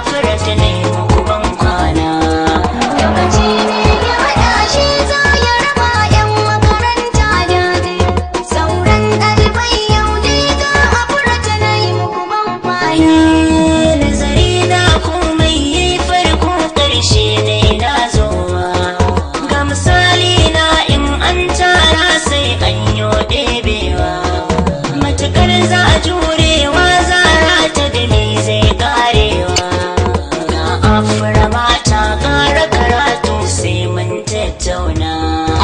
off the rest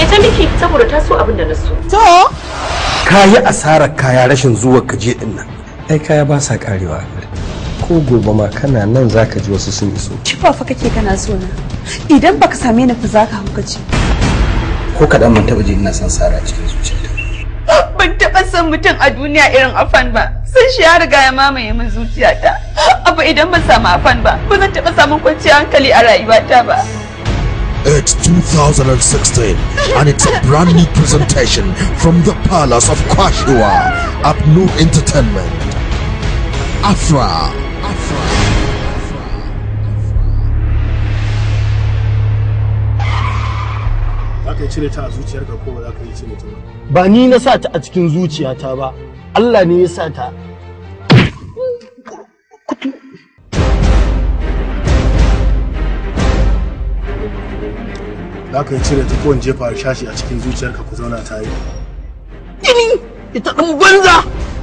Me ta miki saboda ta so abin da na so. To. Kayi asarar kaya rashin zuwa ka je din nan. Ai kaya ba sa karewa. Ko gobe ma kana nan zaka ji wasu sun iso. Kifa fa kake kana so na. Idan baka same ni fa zaka ce. Ko kaɗan dan taɓa ji ina son sara cikin zuciyarta. Ban taɓa son mutum a duniya irin afan ba. Sun shi ya riga ya mamaye min zuciyata. Abu idan ban samu afan ba, ba zan taɓa samun kwanciyar hankali a rayuwata ba. It's 2016 and it's a brand new presentation from the Palace of Kwashua at New Entertainment. Afra. Afra. ba Ba ni na sa ta a cikin zuciyata ba, Allah ne ya sa ta za ka yi cire ta kowane jefa shashi a cikin zuciyarka ku zauna tare. Ini ita ɗin banza!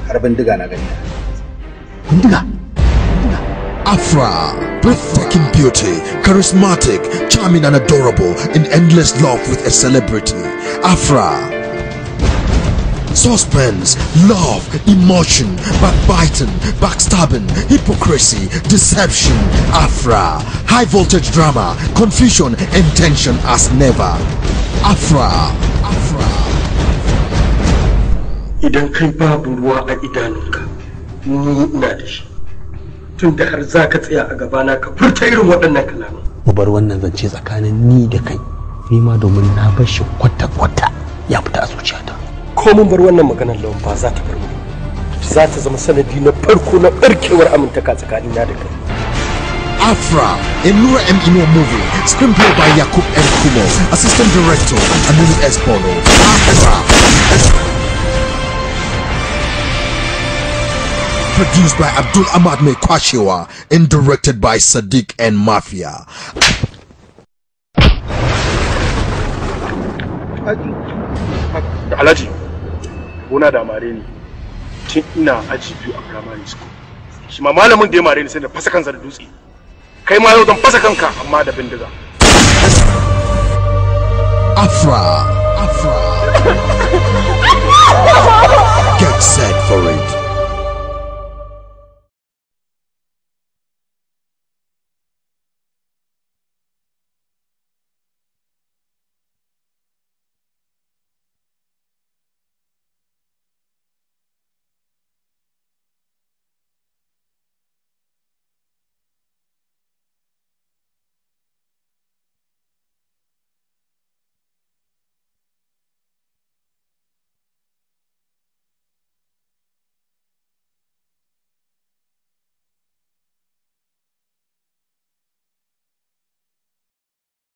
Har bindiga na gani. Bindiga? Afra, breathtaking beauty, charismatic, charming and adorable, in endless love with a celebrity. Afra, suspense, love, emotion, backbiting, backstabbing, hypocrisy, deception, Afra, high voltage drama, confusion and tension as never. Afra, Afra. Idan kai babu ruwa a idanunka, ni ina da shi. Tun da har za ka tsaya a gabana ka furta irin waɗannan kalaman. Mu bar wannan zance tsakanin ni da kai, ni ma domin na bar shi kwata-kwata ya fita a zuciyata. ko mun bar wannan maganar lawan ba za ta bar mu za ta zama sanadi na farko na barkewar amintaka tsakanin na da kai Afra, Enura M. Imo movie, screenplay by Yakub M. Kumo, assistant director, Aminu S. Bono. Afra, produced by Abdul Ahmad Mekwashiwa and directed by Sadiq and Mafia. Alhaji, gona da mare ne tun ina aji biyu a primary school shi ma malamin da ya mare ne sai da fasa kansa da dutse kai ma yau zan fasa kanka amma da bindiga afra afra get set